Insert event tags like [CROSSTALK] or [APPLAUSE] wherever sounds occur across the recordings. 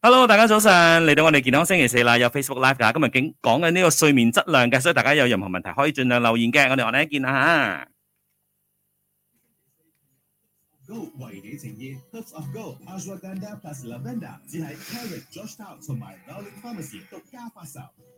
Hello，大家早上嚟到我哋健康星期四啦，有 Facebook Live 噶，今日竟講緊呢個睡眠質量嘅，所以大家有任何問題可以盡量留言嘅，我哋我哋一見啦吓。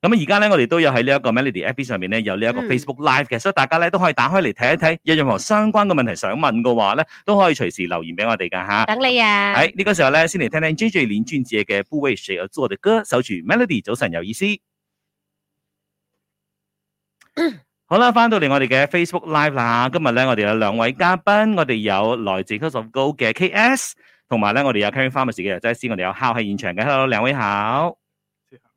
咁啊，而家咧，我哋都有喺呢一個 Melody App 上面咧，有呢一個 Facebook Live 嘅，所以大家咧都可以打開嚟睇一睇。有任何相關嘅問題想問嘅話咧，都可以隨時留言俾我哋噶吓。等你啊！喺呢個時候咧，先嚟聽聽 J J 林俊傑嘅《不為誰而作》的歌，守住 Melody 早晨有意思。好啦，翻到嚟我哋嘅 Facebook Live 啦。今日咧，我哋有兩位嘉賓，我哋有來自 Go Show Go 嘅 K S，同埋咧我哋有 Caring Pharmacy 嘅藥劑師，我哋有考喺現場嘅，hello 兩位好。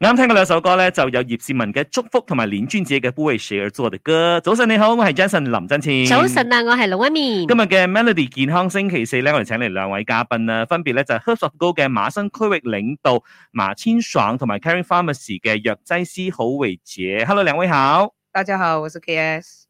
啱聽嗰兩首歌咧，就有葉倩文嘅祝福同埋林俊傑嘅不為誰而作的歌。早晨你好，我係 Jason 林振前。早晨啊，我係龍一綿。今日嘅 Melody 健康星期四咧，我哋請嚟兩位嘉賓啦，分別咧就係 Herbs of Gold 嘅馬新區域領導馬千爽同埋 Caring Pharmacy 嘅藥劑師侯偉杰，Hello，兩位好。大家好，我是 K S。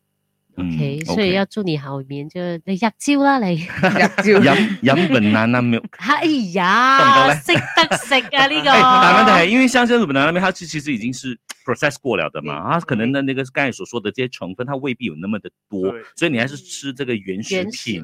O、okay, K，、嗯、所以要祝你後面就你食蕉啦，你食蕉、啊，飲飲 banana， [LAUGHS] 約 [LAUGHS] milk [LAUGHS] 哎呀，識得食啊呢、 [LAUGHS] 這個。咁、哎、咧，因為香鮮嘅 banana milk 它佢其實已經是 process 過了的嘛，嗯、它可能的那個剛才所說的這些成分，它未必有那麼的多，所以你還是吃這個原食品。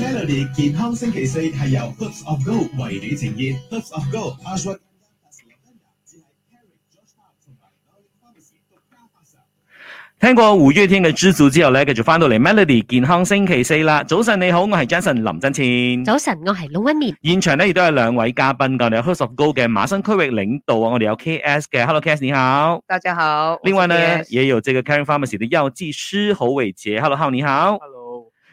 Melody 健康星期四係由 Hoops of Gold 為你呈現。Hoops of Gold，阿叔。聽過胡雨天嘅資訊之後咧，繼續翻到嚟 Melody 健康星期四啦。早晨你好，我係 Jason 林振前。早晨，我係盧一念。現場呢亦都係兩位嘉賓噶，我哋 Hoops of Gold 嘅馬新區域領導啊，我哋有 KS 嘅 Hello KS 你好。大家好。另外呢，也有這個 Caring Pharmacy 的藥劑師侯偉杰。Hello，How, 你好。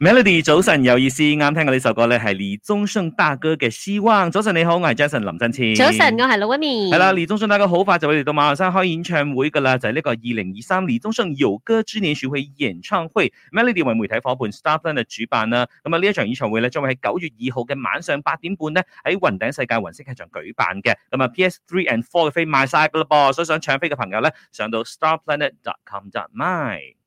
Melody 早晨有意思啱聽我呢首歌呢係李宗盛大哥嘅希望。早晨你好，我係 Jason 林振千。早晨我係 Lo Amy。係啦，李宗盛大哥好快就會嚟到馬鞍山開演唱會噶啦，就係、是、呢個二零二三李宗盛有歌之年巡回演唱會。Melody 為媒體伙伴，Star Planet 主辦啦。咁啊呢一場演唱會呢將會喺九月二號嘅晚上八點半呢喺雲頂世界雲色劇場舉辦嘅。咁啊 P.S. three and four 嘅飛賣晒噶啦噃，所以想搶飛嘅朋友呢，上到 Star Planet dot com dot my。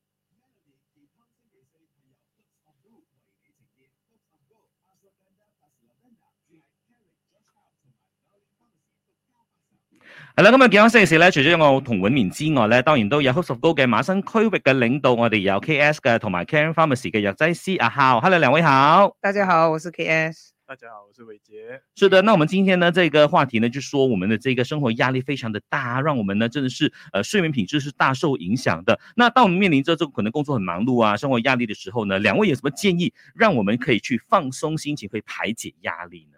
係啦，今日健康實驗室，除咗我同尹明之外，當然都有馬新區域嘅領導，我哋有 K S 嘅，同埋 Karen Pharmacy 嘅藥劑師阿 How。Hello，兩位好，大家好，我是 K S，大家好，我是偉杰。是的，那我們今天呢，這個話題呢，就說我們的這個生活壓力非常的大，讓我們呢，真的是，呃，睡眠品質是大受影響的。那當我們面臨着這個可能工作很忙碌啊，生活壓力的時候呢，兩位有什麼建議，讓我們可以去放鬆心情，可以排解壓力呢？